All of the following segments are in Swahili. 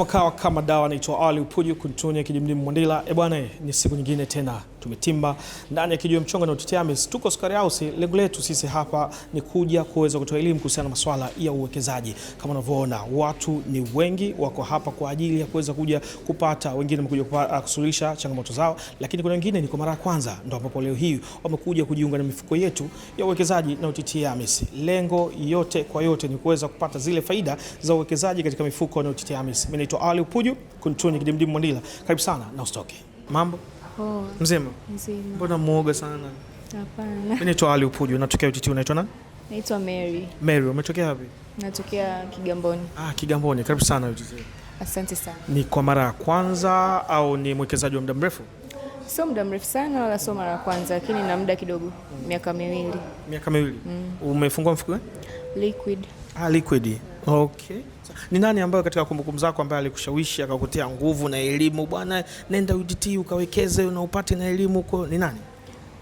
kawa kama dawa, naitwa Ali Upuju kuntunia kijimdimu Mwandila. E bwana, ni siku nyingine tena tumetimba ndani ya kijiwe mchongo na UTT AMIS. Tuko Sukari House, lengo letu sisi hapa ni kuja kuweza kutoa elimu kuhusiana na masuala ya uwekezaji. Kama unavyoona watu ni wengi, wako hapa kwa ajili ya kuweza kuja kupata, wengine wamekuja ah, kusuluhisha changamoto zao, lakini kuna wengine ni kwa mara ya kwanza, ndio ambapo leo hii wamekuja kujiunga na mifuko yetu ya uwekezaji na UTT AMIS. Lengo yote kwa yote ni kuweza kupata zile faida za uwekezaji katika mifuko na UTT AMIS. Mimi naitwa Ali Upuju, kuntuni kidimdimu Mwandila, karibu sana na usitoke. Mambo Poa. Oh, mzima? Mzima. Mbona mwoga sana? Hapana. Mimi naitwa Ali Upuju, natokea UTT, unaitwa nani? Naitwa Mary. Mary, umetokea wapi? Natokea Kigamboni. Ah, Kigamboni. Karibu sana UTT. Asante sana. Ni kwa mara ya kwanza au ni mwekezaji wa muda mrefu? Sio muda mrefu sana wala sio mara ya kwanza, lakini na muda kidogo miaka miwili. Miaka miwili. Mm. Umefungua mfuko gani? Liquid. Ah, Liquid. Okay. Ni nani ambayo katika kumbukumbu zako ambaye alikushawishi akakutia nguvu na elimu, bwana nenda UDT ukawekeze na upate na elimu huko, ni nani?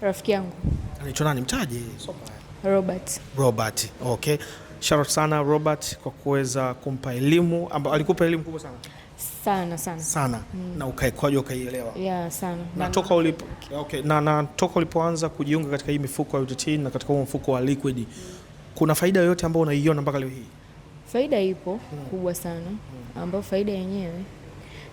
Rafiki yangu. Anaitwa nani? Mtaje. Robert. Robert. Okay. Shout sana Robert kwa kuweza kumpa elimu ambayo alikupa elimu kubwa sana sana sana sana mm. Na ukaikwaje ukaielewa? Yeah, sana na toka ulipo okay, na, na toka ulipoanza kujiunga katika hii mifuko ya UDT na katika huo mfuko wa Liquid, kuna faida yoyote ambayo unaiona mpaka leo hii? Faida ipo hmm. kubwa sana, ambayo faida yenyewe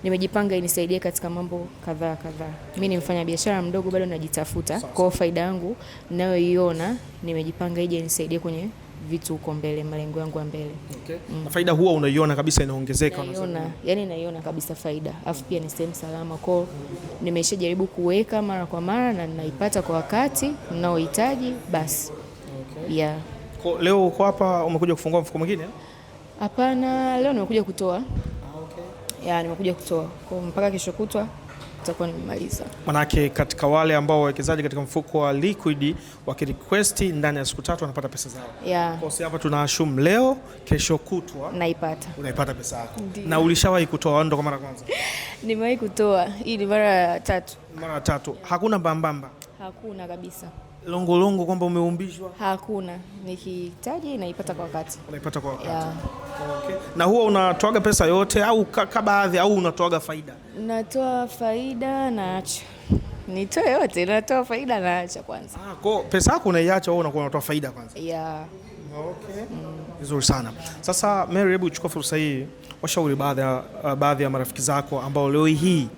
nimejipanga inisaidie katika mambo kadhaa kadhaa. Mimi ni mfanya biashara mdogo, bado najitafuta. Kwa hiyo faida yangu ninayoiona nimejipanga ije inisaidie kwenye vitu huko mbele, malengo yangu ya mbele. Okay. Mm. Faida huwa unaiona kabisa inaongezeka, unaona? yani, naiona kabisa faida, alafu pia ni sehemu salama kwao. Nimeshajaribu kuweka mara kwa mara na ninaipata kwa wakati ninaohitaji, basi okay. Yeah. Leo uko hapa umekuja kufungua mfuko mwingine? Hapana, leo nimekuja kutoa. Ah, okay. Ya, nimekuja kutoa. Kwa mpaka kesho kutwa tutakuwa nimemaliza. Manake katika wale ambao wawekezaji katika mfuko wa Liquid wakirequest ndani ya siku tatu wanapata pesa zao. Yeah. Kwa hapa tuna assume leo kesho kutwa naipata. Unaipata pesa yako. Na ulishawahi kutoa ndo kwa mara kwanza? Nimewahi kutoa. Hii ni mara ya tatu. Mara ya tatu. Hakuna mbambamba. Hakuna kabisa longolongo kwamba umeumbishwa? Hakuna, nikihitaji naipata kwa wakati. Unaipata kwa wakati. Yeah. Okay. Na huwa unatoaga pesa yote au ka baadhi au unatoaga faida? Natoa faida naacha. Nitoe yote, natoa faida naacha kwanza. Ah, kwa pesa yako unaiacha wewe unakuwa unatoa faida kwanza? Yeah. Okay. Mm. Vizuri mm. sana. Sasa Mary, hebu chukua fursa hii washauri baadhi ya, baadhi ya marafiki zako ambao leo hii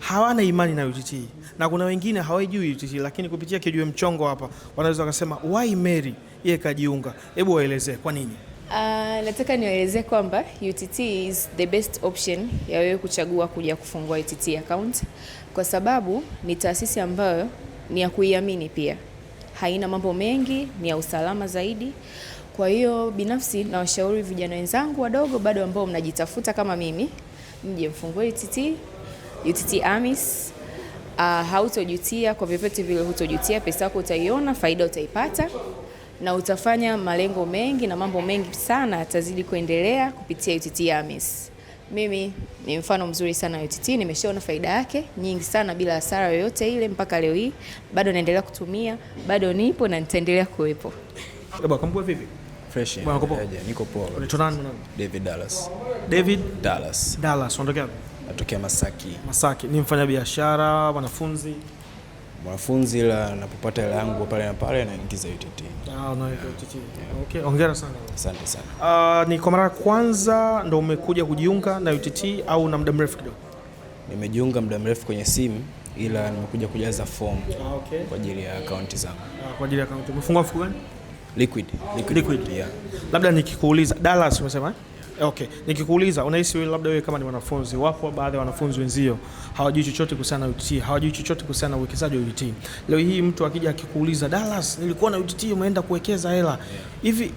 hawana imani na UTT na kuna wengine hawajui UTT, lakini kupitia Kijiwe Mchongo hapa wanaweza wakasema why Mary yeye kajiunga. Hebu waelezee kwa nini? Uh, nataka niwaelezee kwamba UTT is the best option ya wewe kuchagua kuja kufungua UTT account kwa sababu ni taasisi ambayo ni ya kuiamini, pia haina mambo mengi, ni ya usalama zaidi. Kwa hiyo binafsi nawashauri vijana wenzangu wadogo bado ambao mnajitafuta kama mimi, mje mfungue UTT. UTT AMIS. Uh, hautojutia kwa vyovyote vile, hutojutia. Pesa yako utaiona, faida utaipata, na utafanya malengo mengi na mambo mengi sana, atazidi kuendelea kupitia UTT AMIS. Mimi ni mfano mzuri sana UTT, nimeshaona faida yake nyingi sana bila hasara yoyote ile. Mpaka leo hii bado naendelea kutumia, bado nipo na nitaendelea kuwepo. Eh, vipi? Fresh. Niko poa. David Dallas. David Dallas. Dallas, unatokea wapi? natokea Masaki. Masaki ni mfanyabiashara, mwanafunzi mwanafunzi, la napopata hela yangu pale na pale naingiza UTT. Ah, na UTT. Okay, hongera sana. Asante sana. Uh, ni kwa mara ya kwanza ndo umekuja kujiunga na UTT au na muda mrefu kidogo? Nimejiunga muda mrefu kwenye simu ila nimekuja kujaza form ah, okay. kwa ajili ya akaunti zangu. Ah, kwa ajili ya akaunti. Umefungua mfuko gani? Liquid. Liquid. Liquid. Yeah. Labda nikikuuliza Dallas umesema? Eh? Okay, nikikuuliza unahisi wewe labda wewe kama ni mwanafunzi, wapo baadhi ya wanafunzi wenzio hawajui chochote kuhusiana na UTT, hawajui chochote kuhusiana na uwekezaji wa UTT. Leo hii mtu akija akikuuliza, Dallas, nilikuwa na UTT umeenda kuwekeza hela hivi,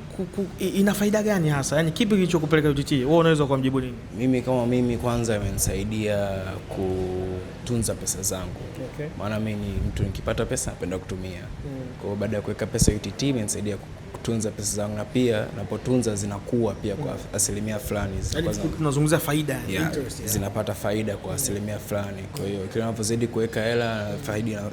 ina faida gani hasa? Yaani kipi kilichokupeleka UTT? Wewe unaweza kumjibu nini? Mimi kama mimi, kwanza imenisaidia kutunza pesa zangu. Okay. Maana mimi ni mtu nikipata pesa napenda kutumia. Mm. Kwa baada ya kuweka pesa UTT imenisaidia kutunza pesa zangu, na pia napotunza zinakuwa pia kwa asilimia fulani, yaani tunazungumzia faida, yeah, yeah. zinapata faida kwa asilimia fulani. Kwa hiyo kile unavyozidi kuweka hela,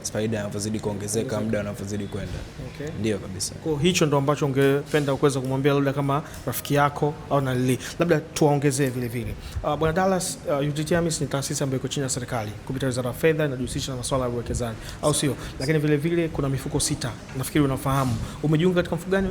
faida inavyozidi kuongezeka muda unavyozidi kwenda. Okay. Ndio kabisa. Kwa hicho ndo ambacho ungependa kuweza kumwambia labda kama rafiki yako au na Lili, labda tuwaongezee vile vile. Uh, Bwana Dallas, uh, ah, UTT AMIS ni taasisi ambayo iko chini ya serikali kupitia Wizara ya Fedha, inajihusisha na masuala ya uwekezaji, au sio? Lakini vile vile kuna mifuko sita, nafikiri unafahamu. Umejiunga katika mfuko gani?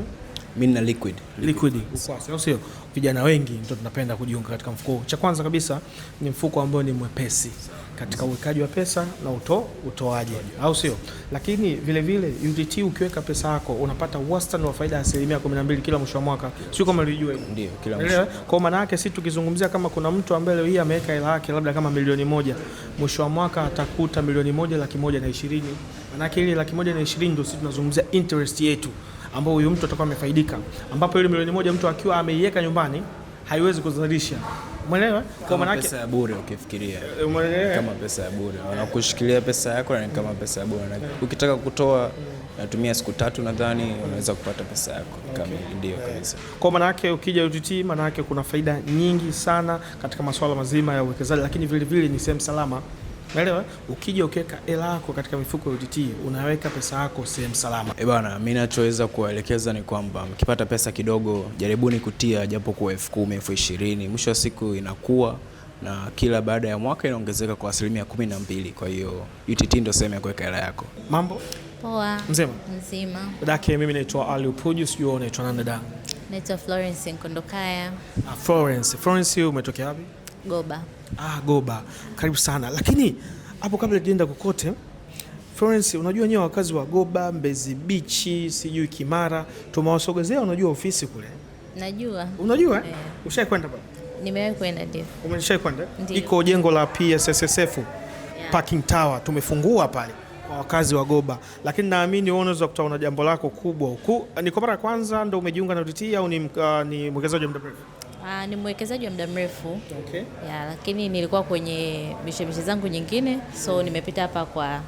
mimi na liquid liquid, ukwasi au sio? Vijana wengi ndio tunapenda kujiunga katika mfuko. huu Cha kwanza kabisa ni mfuko ambao ni mwepesi katika uwekaji wa pesa na uto utoaji, au sio? Lakini vile vile UTT ukiweka pesa yako unapata wastani wa faida ya asilimia 12 kila mwisho wa mwaka, sio kama ulijua hiyo? Ndio, kila mwisho. Kwa maana yake sisi tukizungumzia kama kuna mtu ambaye leo hii ameweka hela yake labda kama milioni moja, mwisho wa mwaka atakuta milioni moja laki moja na ishirini. Maana yake ile laki moja na ishirini ndio sisi tunazungumzia interest yetu ambao huyu mtu atakuwa amefaidika, ambapo ile milioni moja mtu akiwa ameiweka nyumbani haiwezi kuzalisha Umeelewa? Kwa maana yake pesa ya bure ukifikiria. Eh, umeelewa? Kama pesa ya bure. Wanakushikilia pesa yako na ni kama pesa ya bure. Ukitaka kutoa natumia siku tatu nadhani unaweza kupata pesa yako kamili. Ndio kabisa. Kwa maana yake ukija UTT, maana yake kuna faida nyingi sana katika masuala mazima ya uwekezaji, lakini vile vile ni sehemu salama. Unaelewa? Ukija ukiweka hela yako katika mifuko ya UTT unaweka pesa yako sehemu salama. Eh, bwana, mimi nachoweza kuwaelekeza ni kwamba mkipata pesa kidogo, jaribuni kutia japo kwa elfu kumi, elfu ishirini, mwisho wa siku inakuwa na kila baada ya mwaka inaongezeka kwa asilimia kumi na mbili. Kwa hiyo UTT ndio sehemu ya kuweka hela yako. Mambo poa, mzima mzima. Dadake mimi naitwa Ali Upuju, sijui unaitwa nani dada? Naitwa Florence Nkondokaya. Ah, Florence, Florence, umetokea wapi? Goba. Ah, Goba, karibu sana. Lakini hapo kabla tujaenda kokote, Florence, unajua nyewe wakazi wa Goba, Mbezi Beach, sijui Kimara, tumewasogezea unajua ofisi kule. Najua. Unajua? Eh. eh. Ushai kwenda pale? Nimewahi kwenda ndio. Umeshai kwenda? Iko jengo la PSSSF yeah. Parking Tower tumefungua pale kwa wakazi wa Goba, lakini naamini wewe unaweza kutaona jambo lako kubwa huku. Ni kwa mara kwanza ndio umejiunga na UTT e au ni, uh, ni mwekezaji wa muda mrefu? Uh, ni mwekezaji wa muda mrefu okay. Ya, lakini nilikuwa kwenye mishemishe zangu nyingine so nimepita hapa kwa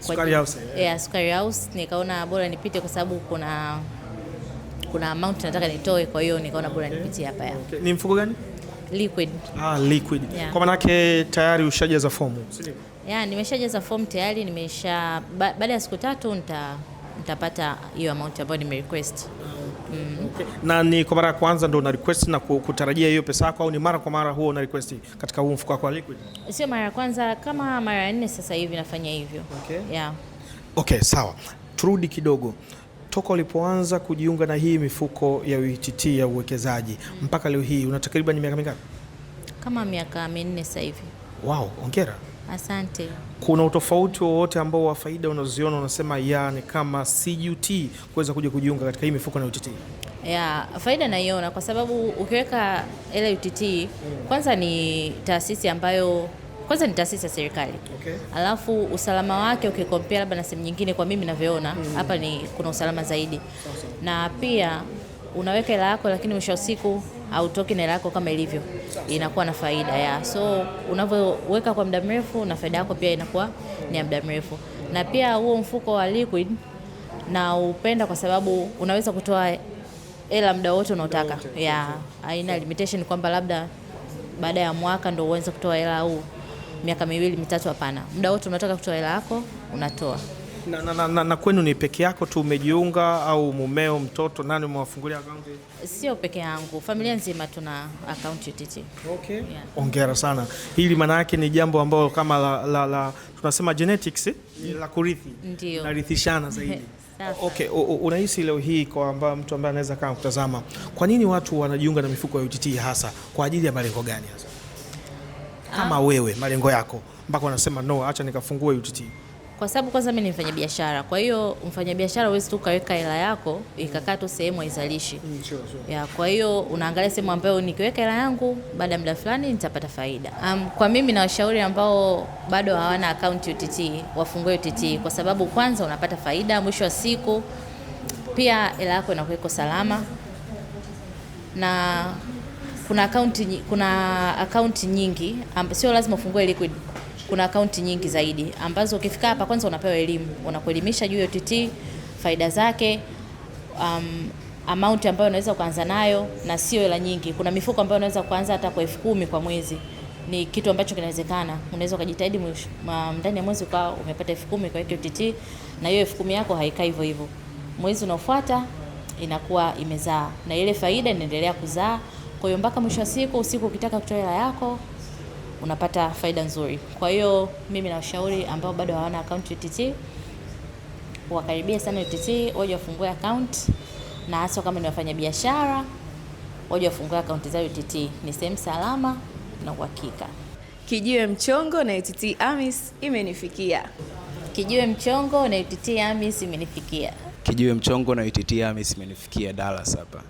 Sukari House, yeah. Yeah, Sukari House nikaona bora nipite kwa sababu kuna kuna amount nataka nitoe, kwa hiyo nikaona bora okay. nipitie hapa ya. Okay. Ni mfuko gani? Liquid. Ah, liquid. Yeah. Kwa maana yake tayari ushajaza fomu. Yeah, nimeshajaza fomu tayari, nimesha baada ya siku tatu nita nitapata hiyo amount ambayo nime request. Mm-hmm. Na ni kwa mara ya kwanza ndo una request na kutarajia hiyo pesa yako au ni mara kwa mara huo una request katika huu mfuko wako wa Liquid? Sio mara ya kwanza, kama mara ya nne sasa hivi nafanya hivyo. Okay. Yeah. Okay, sawa. Turudi kidogo toka ulipoanza kujiunga na hii mifuko ya UTT ya uwekezaji mm. mpaka leo hii una takriban miaka mingapi? Kama miaka minne sasa hivi. Wow, hongera. Asante. Kuna utofauti wowote ambao wa faida unaziona unasema ya ni kama CUT kuweza kuja kujiunga katika hii mifuko na UTT? Ya, faida naiona kwa sababu ukiweka ile UTT kwanza ni taasisi ambayo kwanza ni taasisi ya serikali okay. Alafu usalama wake ukikompea labda na sehemu nyingine, kwa mimi navyoona hmm. hapa mm. ni kuna usalama zaidi awesome. Na pia unaweka hela yako, lakini mwisho wa siku hautoki na hela yako kama ilivyo, inakuwa na faida ya so unavyoweka kwa muda mrefu na faida yako pia inakuwa ni ya muda mrefu. Na pia huo mfuko wa liquid na upenda kwa sababu unaweza kutoa hela muda wote unaotaka, ya haina limitation kwamba labda baada ya mwaka ndo uanze kutoa hela au miaka miwili mitatu. Hapana, muda wote unataka kutoa hela yako unatoa na, na, na, na, na kwenu ni peke yako tu umejiunga au mumeo, mtoto, nani umewafungulia akaunti? Sio peke yangu, familia nzima tuna akaunti TT. Okay. Yeah. Ongera sana. Hili maana yake ni jambo ambalo kama la, la, la tunasema genetics eh? La kurithi. Ndio. Narithishana zaidi. Okay, unahisi leo hii kwa amba, mtu ambaye anaweza kama kutazama, kwa nini watu wanajiunga na mifuko ya UTT hasa kwa ajili ya malengo gani hasa? Kama ah, wewe malengo yako mpaka wanasema no, acha nikafungue UTT kwa sababu kwanza mimi ni mfanyabiashara, kwa hiyo mfanyabiashara huwezi tu ukaweka hela yako ikakaa tu sehemu haizalishi. Mm, ya, kwa hiyo unaangalia sehemu ambayo nikiweka hela yangu baada ya muda fulani nitapata faida. Um, kwa mimi na washauri ambao bado hawana akaunti UTT wafungue UTT kwa sababu kwanza unapata faida mwisho wa siku, pia hela yako inakuwa iko salama na kuna akaunti kuna akaunti nyingi sio lazima ufungue liquid kuna akaunti nyingi zaidi ambazo ukifika hapa kwanza unapewa elimu, unakuelimisha juu ya OTT, faida zake, um, amount ambayo unaweza kuanza nayo na sio hela nyingi. Kuna mifuko ambayo unaweza kuanza hata kwa elfu kumi kwa mwezi, ni kitu ambacho kinawezekana. Unaweza ukajitahidi ndani ya mwezi ukawa umepata elfu kumi kwa OTT, na hiyo elfu kumi yako haikai hivyo hivyo, mwezi unaofuata inakuwa imezaa na ile faida inaendelea kuzaa. Kwa hiyo mpaka mwisho wa siku, usiku ukitaka kutoa hela yako unapata faida nzuri. Kwa hiyo mimi nawashauri ambao bado hawana account UTT wakaribia sana UTT, waje wafungue account na hasa kama ni wafanyabiashara waje wafungue akaunti zao UTT. Ni sehemu salama na uhakika. Kijiwe mchongo na UTT AMIS imenifikia. Kijiwe mchongo na UTT AMIS imenifikia. Kijiwe mchongo na UTT AMIS imenifikia Dallas hapa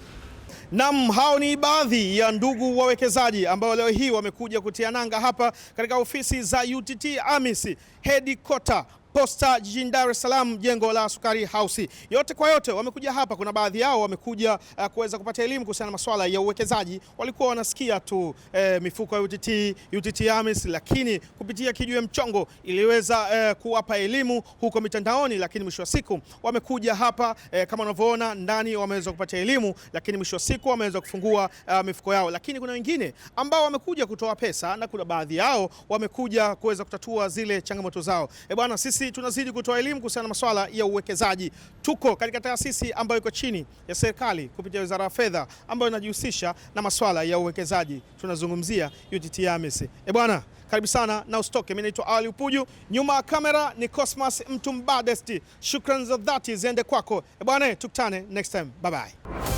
nam hao ni baadhi ya ndugu wawekezaji ambao leo hii wamekuja kutia nanga hapa katika ofisi za UTT AMIS headquarter Posta jijini Dar es Salaam, jengo la Sukari House. Yote kwa yote wamekuja hapa, kuna baadhi yao wamekuja uh, kuweza kupata elimu kuhusiana na masuala ya uwekezaji. Walikuwa wanasikia tu eh, mifuko ya UTT, UTT AMIS, lakini kupitia Kijiwe Mchongo iliweza eh, kuwapa elimu huko mitandaoni, lakini mwisho wa siku wamekuja hapa eh, kama unavyoona ndani wameweza kupata elimu, lakini mwisho wa siku wameweza kufungua uh, mifuko yao, lakini kuna wengine ambao wamekuja kutoa pesa na kuna baadhi yao wamekuja kuweza kutatua zile changamoto zao. E bwana, sisi tunazidi kutoa elimu kuhusiana na masuala ya uwekezaji. Tuko katika taasisi ambayo iko chini ya serikali kupitia Wizara ya Fedha ambayo inajihusisha na masuala ya uwekezaji, tunazungumzia UTT AMIS. Eh bwana, karibu sana na usitoke. Mimi naitwa Ali Upuju, nyuma ya kamera ni Cosmas Mtumbadesti. Shukrani za dhati ziende kwako. Eh bwana, tukutane next time. Bye bye.